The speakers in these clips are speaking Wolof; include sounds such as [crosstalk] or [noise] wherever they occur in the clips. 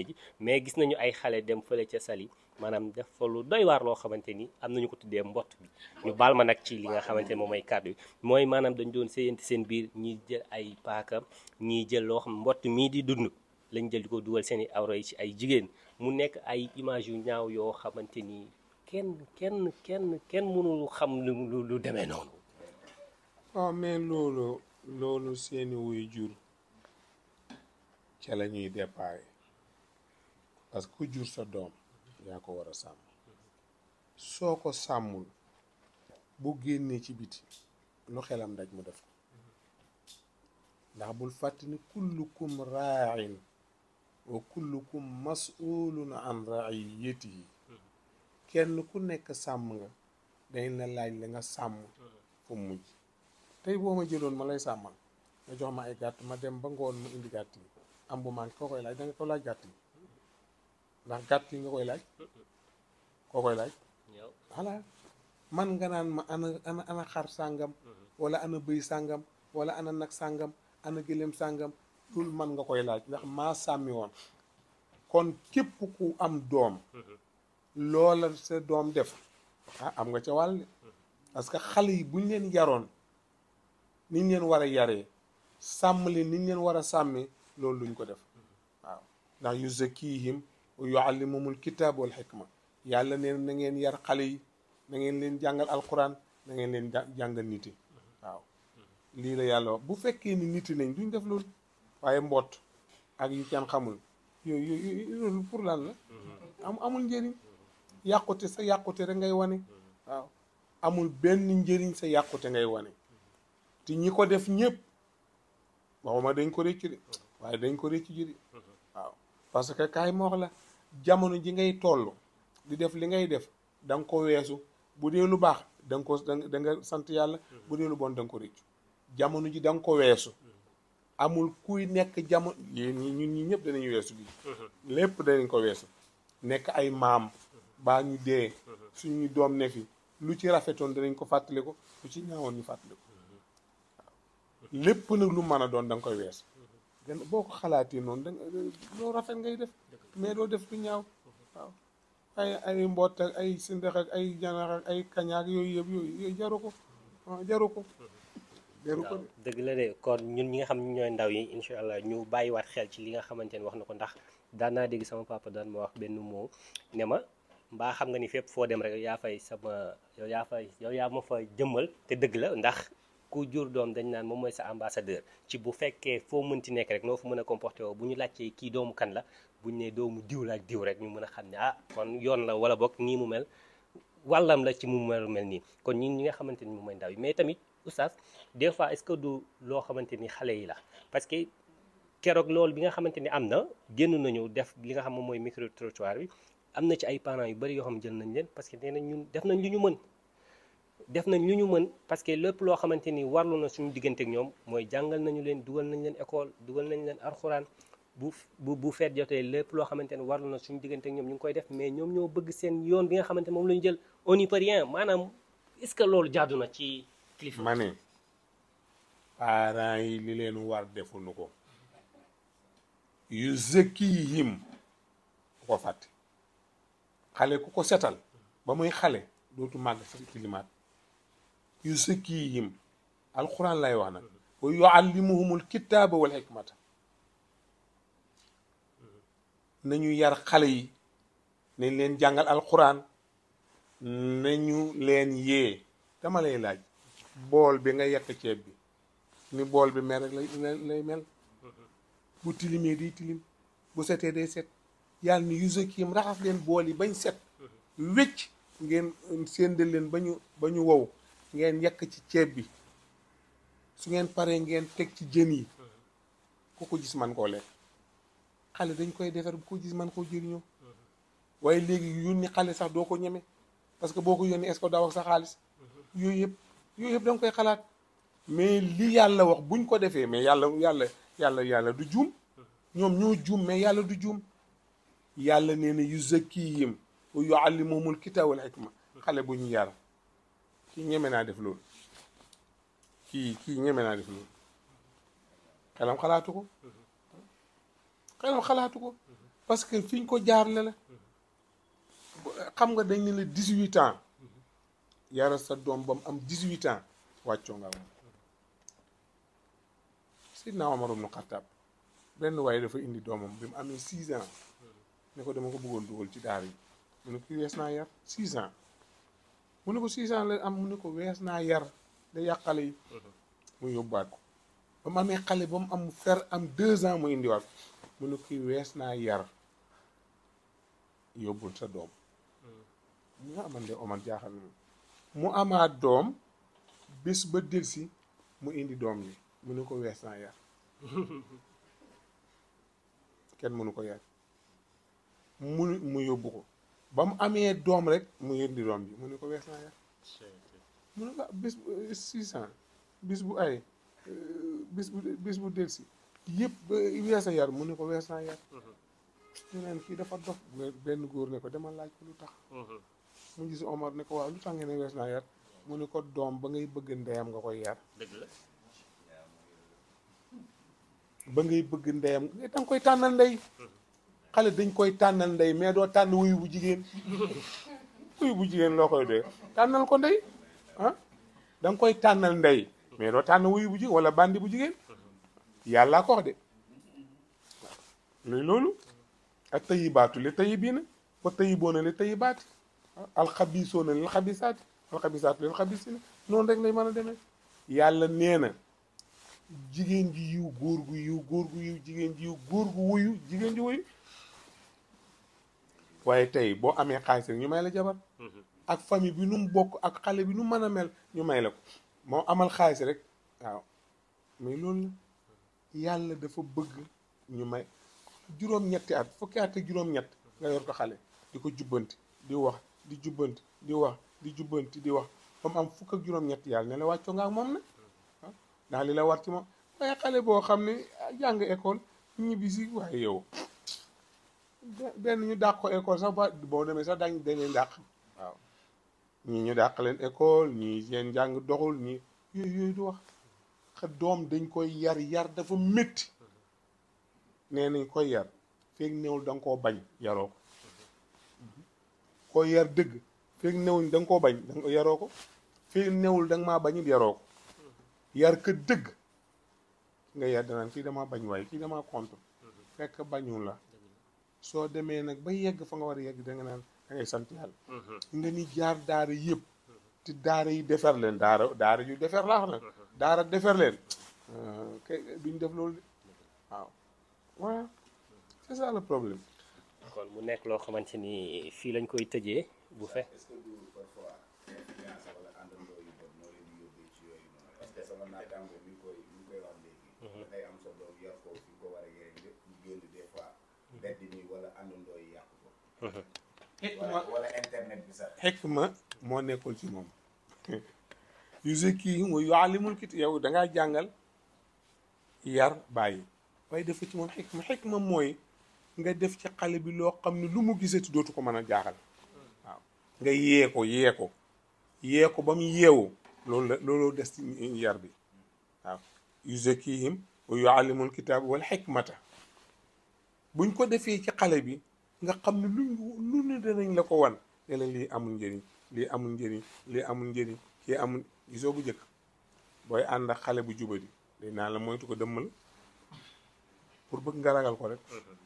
diine ji mais gis nañu ay xale dem fële ca Saly maanaam def fa lu doy waar loo xamante ni am nañu ko tuddee mbott bi ñu baal ma nag ci li nga xamante ni moom mooy kàddu yi mooy maanaam dañ doon séyanti seen biir ñiy jël ay paaka ñiy jël loo xam mbott mii di dund lañ jël ko dugal seen i awra ay jigéen mu nekk ay image yu ñaaw yoo xamante ni kenn kenn kenn kenn mënul xam lu lu demee noonu waaw ah, mais seeni wuy jur ca la ñuy déparé parce que ku jur sa doom yaa ko war a sàmm soo ko sàmmul bu génnee ci biti lu xelam daj mu def ko ndax bul fàtte ni kullukum raain wa kullukum masulun an raiyatihi kenn ku nekk sàmm nga dañ na laaj la nga sàmm fu mujj tey boo ma jëloon ma lay sàmmal nga jox ma ay gàtt ma dem ba ngoon mu indi gàtt yi am bu man koo koy laaj da nga ko laaj gàtt yi ndax gàtt yi nga koy laaj koo koy laaj voilà man nga naan ma ana ana xar sàngam mm-hmm. wala ana bëy sàngam wala ana nag sàngam ana gëléem sàngam loolu man nga koy laaj ndax maa sàmmi woon kon képp ku am doom mm-hmm. loola sa doom def ah am nga ca wàll mm-hmm. parce que xale yi buñ leen yaroon ni leen war a yare sàmm leen ni leen war a sàmmee loolu luñ ko def waaw ndax yu zakkihim o wa yuallimumul kitaab wal xikma yàlla neen na ngeen yar xale yi na ngeen leen jàngal alquran na ngeen leen jàngal niti waaw lii la yàlla bu fekkee ni niti nañ duñ def lool waaye mbot ak yu kenn xamul yooyu yooyu loolu pour lan la amul njëriñ yàqute sa yàqute rek ngay wane waaw amul benn njëriñ sa yàqute ngay wane te ñi ko def ñëpp waxuma dañ ko réccu de waaye dañ ko réccu ji de waaw parce que kaay moox jamono ji ngay toll di def li ngay def da nga ko weesu bu dee lu baax da nga ko da sant yàlla bu dee lu bon da nga ko réccu jamono ji danga ko weesu amul kuy nekk jamono ñun ñi ñëpp danañu weesu bi lépp danañ ko weesu nekk ay maam baa ñu dee suñu doom ne fi lu ci rafetoon danañ ko fàttali ko lu ci ñaawoon lépp nag lu mën a doon da nga koy weesu dana boo ko xalaatee noonu da rafet ngay def mais doo def lu ñaaw waaw ay ay ay sindax ay janax ak ay kañaak yooyu yëpp yooyu yooyu ko jaru ko jaru dëgg la de kon ñun ñi nga xam ne ñooy ndaw yi incha allah ñu bàyyi waat xel ci li nga xamante ne wax na ko ndax daan dégg sama papa daan ma wax benn moo ne ma mbaa xam nga ni fépp foo dem rek yow yaa fay sama yow yaa fay yow yaa ma fa jëmmal te dëgg la ndax ku jur doom dañ naan moom mooy sa ambassadeur ci bu fekkee foo mënti nekk rek noo fu mën a comporté woo bu ñu laajtee kii doomu kan la buñ ne doomu diw la ak diw rek ñu mën a xam ne ah kon yoon la wala bokk nii mu mel wàllam la ci mu mel mel nii kon ñi ñi nga xamante ni moom mooy ndaw yi mais tamit oustaz des fois est-ce que du loo xamante ni xale yi la parce que keroog loolu bi nga xamante ni am na génn nañu def li nga xam moom mooy micro trottoir bi am na ci ay parents yu bari yoo xam leen parce que nee na ñun def nañ lu ñu mën def nañ lu ñu mën parce que lépp loo xamante ni warlu na suñu digganteeg ñoom mooy jàngal nañu leen dugal nañ leen école dugal nañ leen arxuraan bu bu bu feet jotee lépp loo xamante ni warlu na suñu digganteeg ñoom ñu ngi koy def mais ñoom ñoo bëgg seen yoon bi nga xamante moom la jël on n'y peut maanaam est-ce que loolu jaadu na ci kilifa. ma ne parents yi li leen war defuñu ko yu zakkihim ko ko setal ba muy xale dootu màgg yuzakkihim alxuraan lay wax nag wa yuallimuhumul kitaaba wal hikmata nañu yar xale yi nañ leen jàngal alquran nañu leen yée dama lay laaj bool bi nga yekk ceeb bi ni bool bi mel rek lay mel bu tilimee day tilim bu setee day set yal ni yuzakkihim raxas leen bool yi bañ set wecc ngeen séendal leen ba ñu ba ñu wow ngeen yekk ci ceeb bi su ngeen paree ngeen teg ci jën yi ku ko gis man koo lekk xale dañ koy defar bu ko gis man koo jëriñoo waaye léegi yónni xale sax doo ko ñemee parce que boo ko yónni est-ce daa wax sa xaalis yooyu yëpp yooyu yëpp da koy xalaat mais li yàlla wax buñ ko defee mais yàlla yàlla yàlla yàlla du juum ñoom ñoo juum mais yàlla du juum yàlla nee na yu zakkiyim wa yuallimuhumul kitaaba wal hikma xale bu ñu yar kii ñeme naa def loolu kii kii ñeme naa def loolu xelam xalaatu ko xelam xalaatu ko parce que fi ko jaarle la xam nga dañ ne la dix-huit ans yara sa doom ba am dix-huit ans wàccoo nga moom Seydina Omar ibn Khattab benn waaye dafa indi doomam bi mu amee six ans ne ko dama ko bëggoon dugal ci daar yi mu ne naa yar six ans mu ne ko six ans la am mu ne ko wees naa yar da yàq xale yi mhm. mu yóbbuwaat ko ba mu amee xale ba mu am fer am deux ans mu indiwaat mu ne kii wees naa yar yóbbul sa doom mhm. mu nga aman ah, de Omar jaaxal na mu amaat doom bis ba delsi mu indi doom yi mu ne ko wees naa yar [laughs] kenn mënu ko yar mu mu yóbbu ko ba mu amee doom rek mu yëndi doom ji mu ne ko wees naa yar mu ne ko ah bis bu eh, six cent bis bu ay eh, bis bu bis delsi yëpp eh, wees a yar mu ne ko wees naa yar ñu naan kii benn góor ne ko dama laaj ko lu tax mu ne ko waaw lu tax ngeen ne mu ne ko doom ba ngay bëgg ndeyam nga koy yar dëgg la ba ngay bëgg ndeyam danga koy tànnal ndey xale dañ koy tànnal ndey mais doo tànn wuyu bu jigéen wuyu bu jigéen loo koy doy tànnal ko ndey ah da koy tànnal ndey mais doo tànn wuyu bu jigéen wala bandi bu jigéen yàllaa ko wax de luy loolu ak tayibaatu li tayibiina wa tayiboona li tayibaati alxabisoona lil xabisaati alxabisaatu lil xabisina noonu rek lay mën a demee yàlla nee na jigéen ji yiw góor gu yiw góor gu yiw jigéen ji yiw góor gu wuyu jigéen ji wuyu waaye tey boo amee xaalis ñu may la jabar mm-hmm. ak famille bi nu mu bokk ak xale bi nu mën a mel ñu may la ko moo amal xaalis rek waaw mais loolu yàlla dafa bëgg ñu may juróom-ñetti at fukki at ak juróom-ñett nga yor ko xale di ko jubbanti di wax di jubbanti di wax di jubbanti di wax ba am fukk ak juróom-ñett yàlla ne la wàccoo nga ak moom na ah ndax li la war ci moom waaye xale boo xam ne jàng école ñibbi si waaye yow benn ñu dàq ko école sax ba boo demee sax daañu dañ leen dàq waaw ñii ñu dàq leen école ñii seen jàng doxul ñii yooyu du wax xa doom dañ koy yar yar dafa métti nee nañ koy yar feeg néewul da nga koo bañ yaroo ko koy yar dëgg feeg bañ da nga yaroo ko feeg néewul da nga maa bañit yaroo ko yar ka dëgg nga yar danaan kii damaa bañ waaye kii damaa contre mhm. fekk bañul la soo demee nag ba yegg fa nga war a yegg da nga naan da sant yàlla. Mhm. nga ni jaar daara yëpp. te daara yi defar leen daara daara yu defar laax na. Mhm. daara defar leen. Ah, kay duñ def loolu de waaw c'est ça le problème. kon mu nekk loo xamante ni fii lañ koy tëjee bu fe. sama naataango mi koy mi koy mbedd mi wala àndandoo mhm. moo nekkool ci moom. yuzakkihim wa yuallimul kit yow da ngaa jàngal yar bàyyi waaye dafa ci moom xikma ma mooy nga def ci xale bi loo xam ne lu mu gisati dootu ko mën a jaaxal. nga yee ko yee ko yee ko ba mu yeewu loolu la looloo des ci yar bi waaw yuzakkihim wa yuallimul kitaab wal xikmata buñ ko defee ci xale bi nga xam ne luñ lu ne danañ la ko wan ne la lii amul njëriñ lii amul njëriñ lii amul njëriñ kii amul gisoo bu njëkk booy ànd xale bu jubadi day naa la moytu ko dëmmal pour bëgg nga ragal ko rek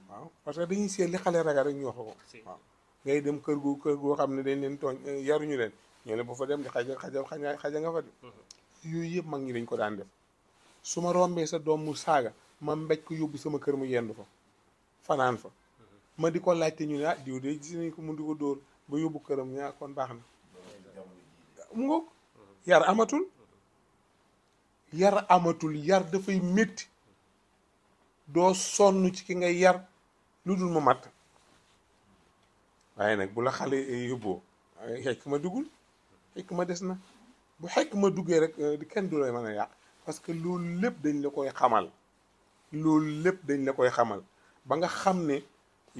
waaw parce que dañuy seet li xale ragal rek ñu wax ko waaw ngay dem kër gu kër goo xam ne dañ leen tooñ eh, yaruñu leen ñoo ne bu fa dem di xaja xaja xaja nga fa di mm-hmm. yooyu yëpp mag ñi dañ ko daan def su ma rombee sa doom mu saaga man mbéj ko yóbbu sama kër mu yendu fa fanaan fa ma di ko laajte ñu ne ah diw de gis nañ ko mu di ko dóor ba yóbbu këram ñaa ah, kon baax na mu ngoog yar amatul yar amatul yar dafay metti doo sonn ci ki nga yar lu dul ma matt waaye nag bu la xale yóbboo xekk ma duggul xekk ma des na bu xekk ma duggee rek eh, kenn du lay mën a yàq parce que loolu lépp dañ la koy xamal loolu lépp dañ la koy xamal ba nga xam ne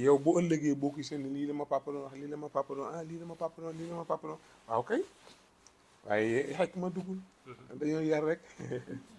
yow bu ëllëgee boo gisee ne lii la ma papa doon lii la ma papa doon ah, lii la ma papa doon lii la ma papa doon waaw kay waaye xekk ma duggul mhm. dañoo yar rek [laughs]